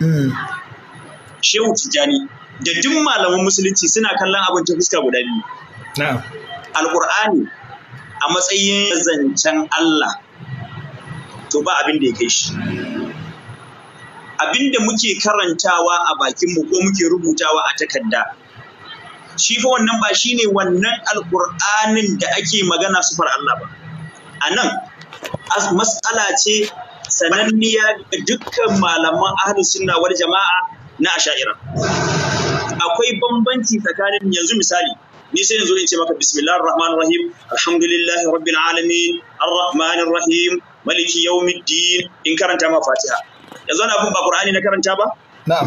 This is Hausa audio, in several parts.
Hmm. shehu tijjani da duk malaman musulunci suna kallon abin ta fuska guda biyu alƙur'ani a matsayin zancen Allah to ba abin da ya kai shi abin da muke karantawa a bakinmu ko muke rubutawa a takarda shi fa wannan ba shine wannan alƙur'anin da ake magana sufar Allah ba a nan mas'ala ce sananniya ga dukkan malaman ahlu sunna wal jama'a na asha'ira akwai bambanci tsakanin yanzu misali ni sai yanzu in ce maka bismillahir rahmanir rahim alhamdulillahi rabbil alamin arrahmanir rahim maliki yawmiddin in karanta ma fatiha yanzu ana bin ba qur'ani na karanta ba na'am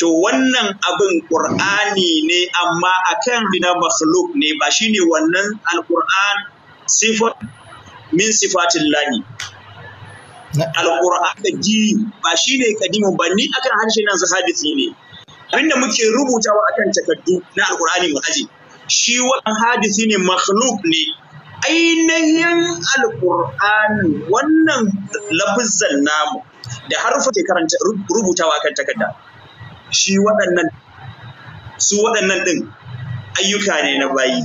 to wannan abin qur'ani ne amma akan bina makhluk ne ba shine wannan alqur'an sifat min sifatin lahi alƙur'an da ji ba shi ne kadimu ba ni akan harshe nan sahabisi ne abinda muke rubutawa akan takardu na alƙur'ani mu aji shi wannan hadisi ne makhluk ne ainihin alƙur'ani wannan lafizan namu da harfa ke karanta rubutawa akan takarda shi waɗannan su waɗannan ɗin ayyuka ne na bayi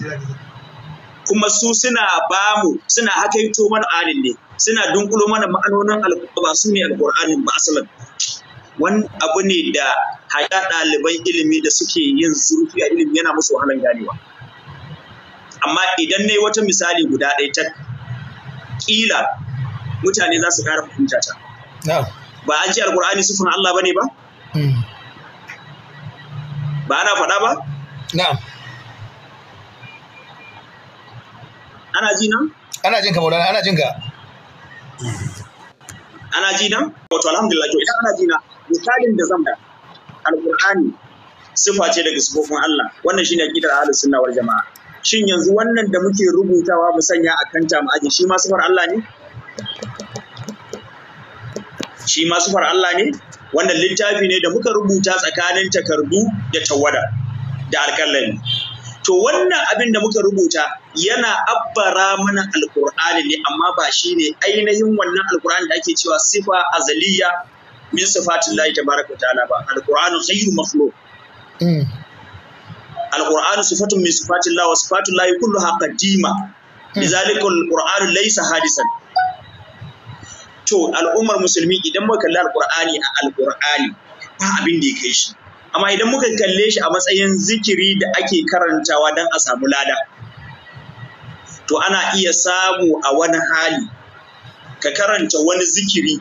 kuma su suna bamu suna hakaito mana alin ne suna dunkulo mana ma'anonin alƙur'ani su ne alƙur'anin ba asalan wani abu ne da haɗa ɗaliban ilimi da suke yin zurfi a ilimi yana musu wahalar ganewa amma idan ne wata misali guda ɗaya ta ƙila mutane za su ƙara fahimta ta ba ji ce alƙur'ani sufin Allah ba ne hmm. ba ba ana faɗa ba na'am ana ji nan ana jin ka maulana ana jin ka ana ji nan wato alhamdulillah to idan ana ji na misalin da zan da alqur'ani sifa ce daga sifofin Allah wannan shine aqidar ahlus sunna wal jamaa shin yanzu wannan da muke rubutawa mu sanya a kan mu shi ma sifar Allah ne shi ma sifar Allah ne wannan littafi ne da muka rubuta tsakanin takardu da tawada da alƙalami to wannan abin da muka rubuta yana abbara mana alkur'ani ne amma ba shi ne ainihin wannan alkur'ani da ake cewa sifa azaliya min sifatin lahi tabaraka ta'ala ba alkur'ani ghayru makhluq mm. alkur'ani sifatun min sifatin lahi wa sifatun lahi kulluha qadima mm. lidhalika alkur'ani laysa hadisan to al'ummar musulmi idan muka kalli alkur'ani a alkur'ani ba abin da ya kai shi amma idan muka kalle shi a matsayin zikiri da ake karantawa don a samu lada to ana iya samu a wani hali ka karanta wani zikiri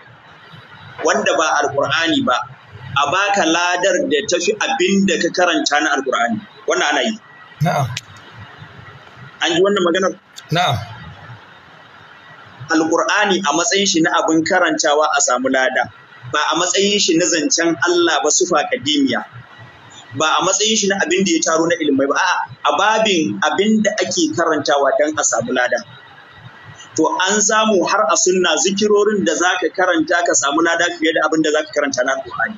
wanda ba alkur'ani ba a baka ladar da tafi abin da ka karanta na alkur'ani wannan ana yi na'am an ji wannan maganar na'am alkur'ani a matsayin shi na abin karantawa a samu lada ba a matsayin shi na zancen Allah ba sufa kadimiya ba a matsayin shi na abin da ya taro na ilimai ba a'a a babin abin da ake karantawa dan a samu lada to an samu har a sunna zikirorin da zaka karanta ka samu lada fiye da abin da zaka karanta na Qur'ani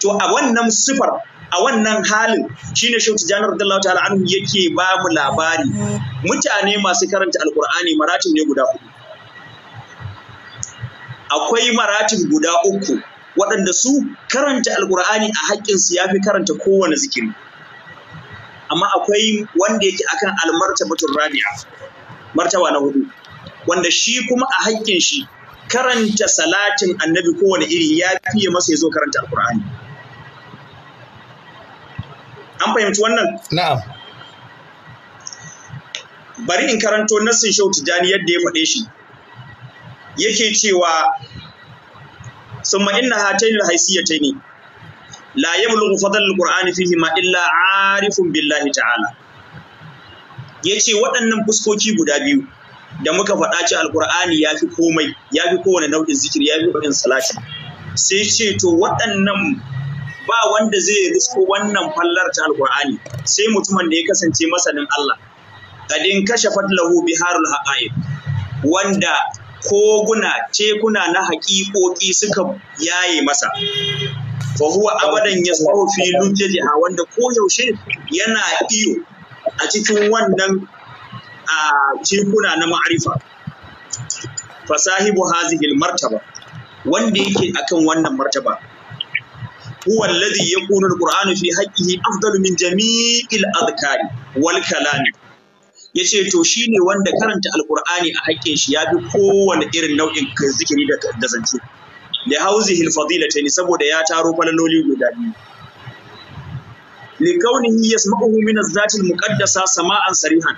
to a wannan sifar a wannan halin shine Janar da Allah ta'ala anhu yake ba mu labari mutane masu karanta alqur'ani maratin ne guda hudu akwai maratin guda uku waɗanda su karanta alkur'ani a haƙƙinsu ya fi karanta kowane zikiri amma akwai wanda yake akan almarta batun rabi'a martaba na hudu wanda shi kuma a haƙƙin shi karanta salatin annabi kowane iri ya fiye masa ya zo karanta alkur'ani an fahimci wannan na'am bari in karanto nassin shautu jani yadda ya faɗe shi yake cewa summa inna hatayn al-haysiyatayn la yablughu fadl al-qur'ani fihi ma illa 'arifun billahi ta'ala yace waɗannan fuskoki guda biyu da muka faɗa ci alkur'ani ya fi komai ya kowane nau'in zikiri yafi fi kowane salati sai ce to waɗannan ba wanda zai risko wannan fallar ta alkur'ani sai mutumin da ya kasance masanin Allah kadin kashe fadlahu biharul haqa'iq wanda koguna tekuna na haƙiƙoƙi suka yaye masa fa huwa abadan yasbahu fi a wanda koyaushe yana iyo a cikin wannan a tekuna na ma'arifa fasahibu hazihil martaba wanda yake akan wannan martaba huwa alladhi yakunu alqur'anu fi haqqihi afdalu min jami'il adhkari wal kalami ya ce to shi ne wanda karanta alkur'ani a haƙƙin shi ya fi kowane irin nau'in zikiri da zance da hauzi ta ne saboda ya taro falaloli guda biyu likaunihi yasma'uhu min az Muƙaddasa muqaddasa sama'an sarihan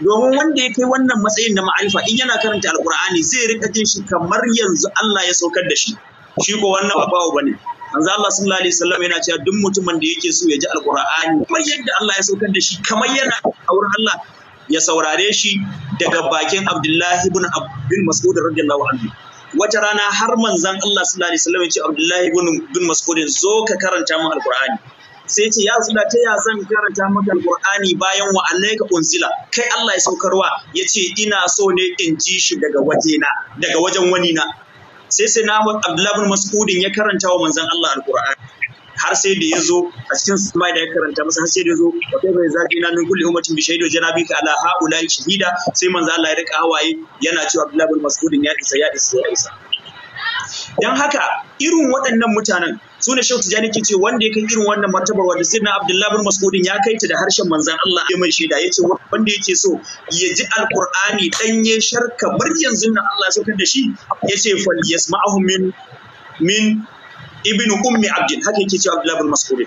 domin wanda ya kai wannan matsayin da ma'arifa in yana karanta alkur'ani zai rika jin shi kamar yanzu Allah ya saukar da shi shi ko wannan ba ne. bane manzo Allah sallallahu alaihi wasallam yana cewa duk mutumin da yake so ya ji alkur'ani kamar yadda Allah ya saukar da shi kamar yana a wurin Allah ya saurare shi daga bakin Abdullahi ibn Abdul Mas'ud radiyallahu anhu wata rana har manzan Allah sallallahu alaihi wasallam ya ce Abdullahi ibn Mas'ud zo ka karanta min alqur'ani sai ce ya zula ta ya zan karanta maka alqur'ani bayan wa alayka unzila kai Allah ya saukarwa yace ina so ne in ji shi daga wajena daga wajen wani na sai sai na Abdullahi ibn Mas'ud ya karanta wa manzan Allah alqur'ani har sai da ya zo a cikin sumai da ya karanta masa har sai da ya zo a kai bai zafi na min kulli umatin bi shaidu janabi ka ala ulai shahida sai manzo Allah ya rika hawaye yana cewa Abdullahi bin Mas'ud ya isa ya isa ya isa dan haka irin waɗannan mutanen su ne Shehu Tijani ke ce wanda ya kai irin wannan martaba wanda Sirna Abdullahi bin Mas'udin ya kai ta da harshen manzan Allah ya mai shaida ya yace wanda yake so ya ji Alƙur'ani ya sharka muryan yanzu Allah ya saukar da shi yace fal yasma'ahu min min ibnu ummi abdin haka yake cewa abdullahi bin mas'ud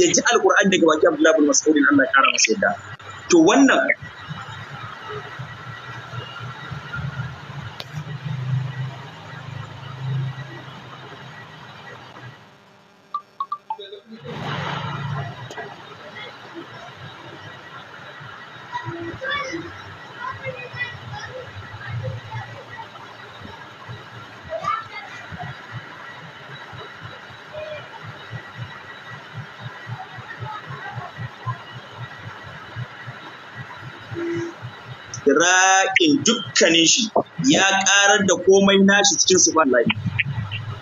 ya ji alquran daga baki abdullahi bin mas'ud Allah ya kara masa yadda to wannan idrakin dukkanin shi ya ƙarar da komai nashi cikin subhanallahi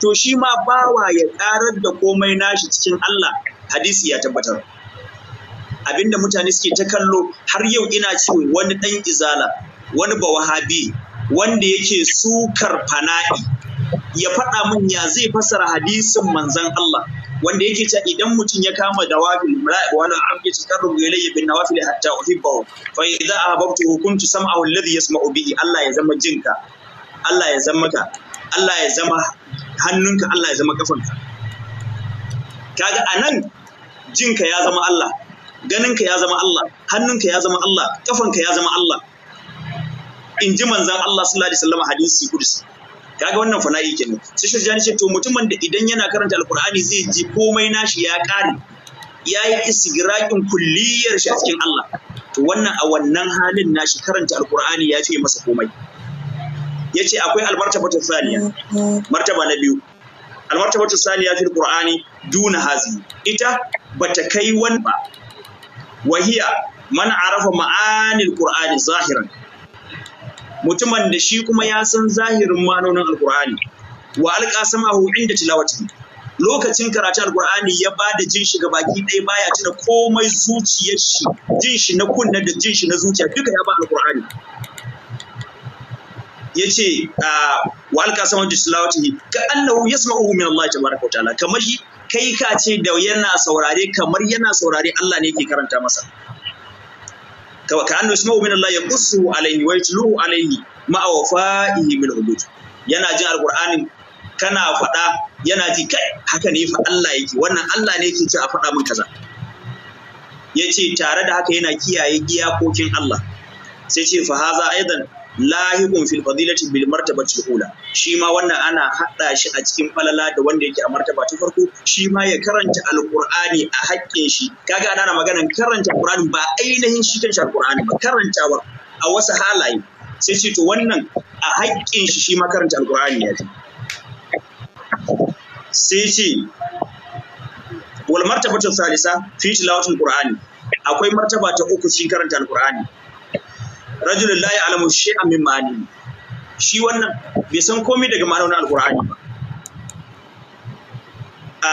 to shi ma bawa ya ƙarar da komai nashi cikin Allah hadisi ya tabbatar abinda mutane suke ta kallo har yau ina cewa wani ɗan izala wani bawahabi wanda yake sukar fana'i ya faɗa min ya zai fasara hadisin manzan Allah wanda yake cewa idan mutum ya kama da wafil mara'i wala abdi takarrubu ilayya bin nawafil hatta uhibbahu fa idza ahbabtuhu kuntu sam'ahu alladhi yasma'u bihi Allah ya zama jinka Allah ya zama ka Allah ya zama hannunka Allah ya zama kafanka kaga anan jinka ya zama Allah ganinka ya zama Allah hannunka ya zama Allah kafanka ya zama Allah in ji manzan Allah sallallahu alaihi wasallam hadisi kudusi kaga wannan fana'i kenan sai shi jani ce to mutumin da idan yana karanta alkur'ani zai ji komai nashi ya kare ya yi istigraqin kulliyar shi a cikin Allah to wannan a wannan halin nashi karanta alqur'ani ya fiye masa komai yace akwai ta saniya martaba na biyu ta saniya fil qur'ani duna hazi ita bata kai wani ba wahiya man arafa ma'anil qur'ani zahiran mutumin da shi kuma ya san zahirin manonin alkur'ani wa alqasamahu inda tilawati lokacin karatun alkur'ani ya ba da jin shi baki ɗaya baya tuna komai zuciyar shi jin shi na kunna da jin shi na zuciya duka ya ba alkur'ani yace ah, wa alqasamahu inda tilawati ka annahu yasma'uhu min Allah tabaraka wa ta'ala kamar kai ka ce da yana saurare kamar yana saurare Allah ne yake karanta masa ka annu isma'u min Allah yaqussu alaihi wa yatluhu alaihi ma'a wafa'ihi min yana jin alqur'anin kana faɗa yana ji kai haka ne fa Allah yake wannan Allah ne yake ci a faɗa min kaza yace tare da haka yana kiyaye iyakokin Allah sai ce fa haza aidan lahiqun fil fadilati bil martabati ula shi ma wannan ana hada shi a cikin falala da wanda yake a martaba ta farko shi ma ya karanta alqur'ani a haƙƙin shi kaga ana maganan karanta alqur'ani ba ainihin shi kan alqur'ani ba karantawa a wasu halaye sai ce to wannan a haƙƙin shi shi ma karanta alqur'ani ya ce sai ce wal martabatu salisa fi tilawatil qur'ani akwai martaba ta uku shi karanta alqur'ani rajulun la ya'lamu shay'an min ma'ani shi wannan bai san komai daga ma'anonin alkur'ani ba a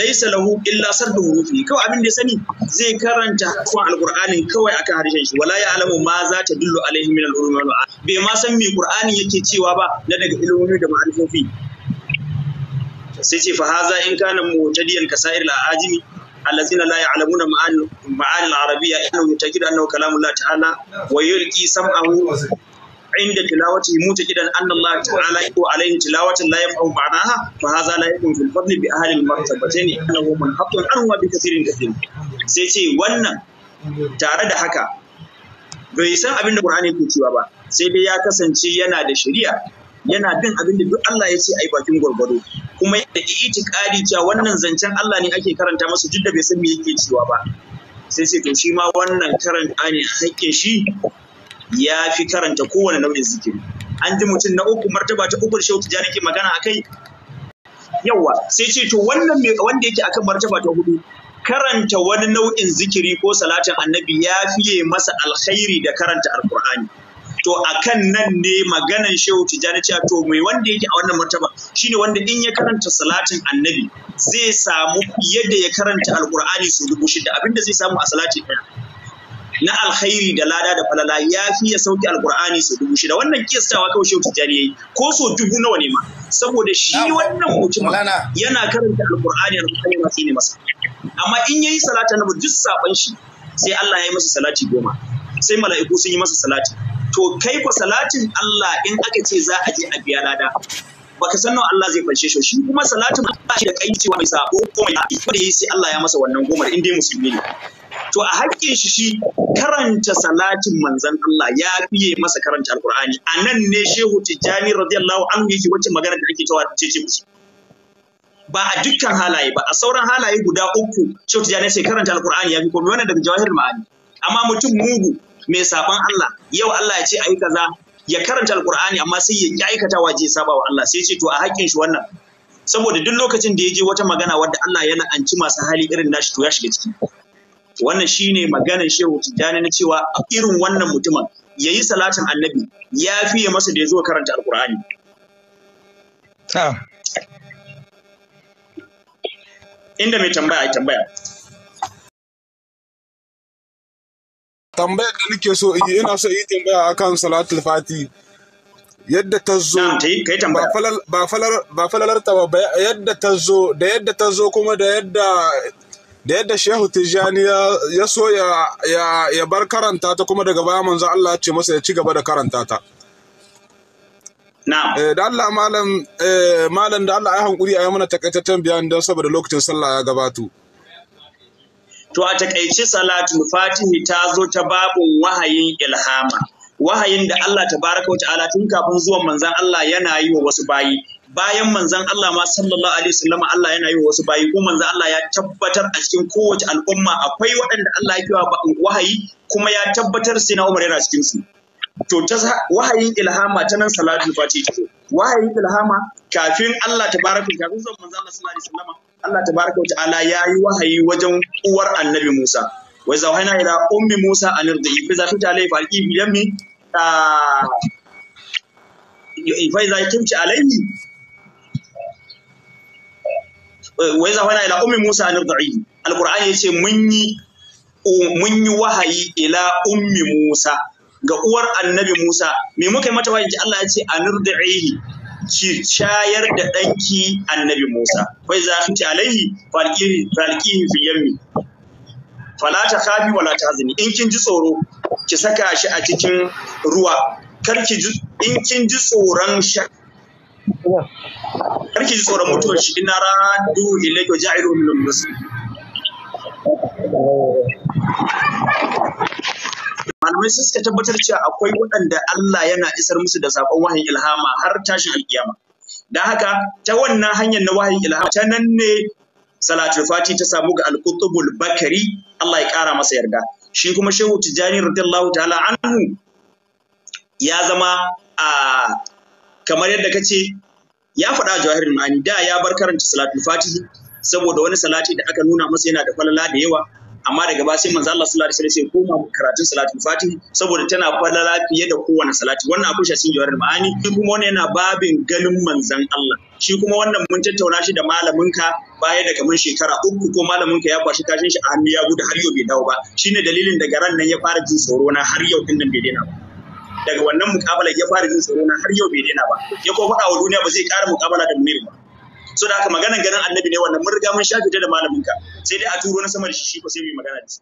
laisa lahu illa sarda hurufi kawai abin da ya sani zai karanta harfin alqur'anin kawai akan harshen shi wala ya'lamu ma za ta dillu alaihi min al-ulum bai ma san me qur'ani yake cewa ba na daga ilimomi da ma'arifofi sai ce fa haza in kana mutadiyan kasair al-ajimi الذين لا يعلمون معاني معاني العربية إنه يتجد أنه كلام الله تعالى ويلقي سمعه عند تلاوته متجدا أن الله تعالى يقوى عليه تلاوة لا يفهم معناها فهذا لا يكون في الفضل بأهل المرتبتين أنه منحط عنه بكثير كثير سيتي ون تارد حكا bai san abin da Qur'ani ke cewa ba sai dai ya kasance yana da shari'a yana bin abin da duk Allah ya ce a yi bakin gwargwado kuma da itikadi cewa wannan zancen Allah ne ake karanta masa duk da bai san me yake cewa ba sai sai to shi ma wannan karanta ne hakkin shi ya fi karanta kowane nau'in zikiri an ji mutum na uku martaba ta uku shehu tijjani ke magana akai yawa sai ce to wannan mai wanda yake akan martaba ta hudu karanta wani nau'in zikiri ko salatin annabi ya fiye masa alkhairi da karanta alkur'ani to akan nan ne maganan shehu tijjani cewa to mai wanda yake a wannan martaba shine wanda in ya karanta salatin annabi zai samu yadda ya karanta Alkur'ani su dubu shida abinda zai samu a salati ɗaya na alkhairi da lada da falala ya fi ya sauki Alkur'ani su dubu shida wannan kiyastawa kawai shehu tijjani yayi ko so dubu nawa ne ma saboda shi wannan mutum yana karanta Alkur'ani alqur'ani ma ne masa amma in yayi salatin annabi duk saban shi sai Allah ya yi masa salati goma sai mala'iku sun yi masa salati to kai ku salatin Allah in aka ce za a je a biya lada baka san nawa Allah zai fanshe shi shi kuma salatin Allah shi da kai cewa mai sabo ko mai yafi da yi sai Allah ya masa wannan gomar in dai musulmi ne to a haƙƙin shi shi karanta salatin manzon Allah ya fiye masa karanta alqur'ani anan ne shehu tijani radiyallahu anhu yake wacce magana da ake cewa ce ce ba a dukkan halaye ba a sauran halaye guda uku shehu tijani sai karanta alqur'ani ya fi komai wannan daga jawahir ma'ani amma mutum mugu mai saban Allah yau Allah ya ce ayi kaza ya karanta alqur'ani amma sai ya aikata waje saba wa Allah sai ce to a haƙƙin shi wannan saboda duk lokacin da ya je wata magana wadda Allah ya la'anci masu hali irin nashi to ya shiga ciki wannan shine maganar shehu tijani na cewa a irin wannan mutumin ya yi salatin annabi ya fiye masa da ya zo karanta alkur'ani ah. inda mai tambaya ya tambaya tambayar da nake so ina so yi tambaya akan salatul fati yadda ta zo ba falalar ta ba yadda ta zo da yadda ta zo kuma da yadda da yadda shehu tijjani ya so ya bar karanta ta kuma daga baya manzo Allah ce masa ya ci gaba da karanta ta eh, da Allah malam eh, malam da Allah ya hankuri a yi mana takaitaccen biyan don saboda lokacin sallah ya gabato to a takaice salatul fatihi ta zo ta babun wahayin ilhama wahayin da Allah tabaraka wa ta'ala tun kafin zuwan manzon Allah yana yi wa wasu bayi bayan manzon Allah ma sallallahu alaihi wasallam Allah yana yi wa wasu bayi ko manzan Allah ya tabbatar a cikin kowace al'umma akwai waɗanda Allah ya kiwa wahayi kuma ya tabbatar sai na Umar yana cikin su to ta wahayin ilhama ta nan salatul fati ta wahayin ilhama kafin Allah tabaraka wa kafin zuwan manzo Allah sallallahu alaihi wasallam Allah tabaraka wa ta'ala yayi wahayi wajen uwar annabi Musa wa za zawhana ila ummi Musa an irdi fa zatu ta alai falqi bi yammi ah, fa za kimci alaihi wa zawhana ila ummi Musa an irdi alqur'ani yace mun yi mun yi wahayi ila ummi Musa ga uwar annabi Musa me muka mata wahayi Allah ya ce anurdihi ki shayar da danki annabi Musa za su ce alaihi falqihi falqihi fi yammi fala ta khafi wala hazini, in kin ji tsoro ki saka shi a cikin ruwa kar ki ji in kin ji tsoron kar ki ji tsoron mutuwar shi inna radu ilayka ja'ilu min muslim domin sun suka tabbatar cewa akwai waɗanda Allah yana isar musu da saƙon wahayin ilhama har tashin alkiyama da haka ta wannan hanyar na wahayin ilhama ta nan ne salatul fati ta samu ga al bakari Allah ya ƙara masa yarda shi kuma shehu tijani radiyallahu ta'ala anhu ya zama a kamar yadda ka ce ya faɗa jawahirul ma'ani da ya bar karanta salatul fati saboda wani salati da aka nuna masa yana da falala da yawa amma daga baya sai manzo Allah sallallahu alaihi wasallam ya koma karatun salatul fatih saboda tana falala fiye da kowane salati wannan akwai shi cikin jawarin ma'ani kuma wannan yana babin ganin manzon Allah shi kuma wannan mun tattauna shi da malaminka baya da kamar shekara uku ko malaminka ya kwashi kashin shi a hannu ya gudu har yau bai dawo ba shine dalilin daga ran nan ya fara jin tsoro na har yau din nan bai daina ba daga wannan mukabalar ya fara jin tsoro na har yau bai daina ba ya ko faɗa wa duniya ba zai ƙara mukabala da mu ba so da haka maganan ganin annabi ne wannan mun riga mun shafe ta da malamin ka sai dai a turo na sama da shi shi ko sai mu magana da shi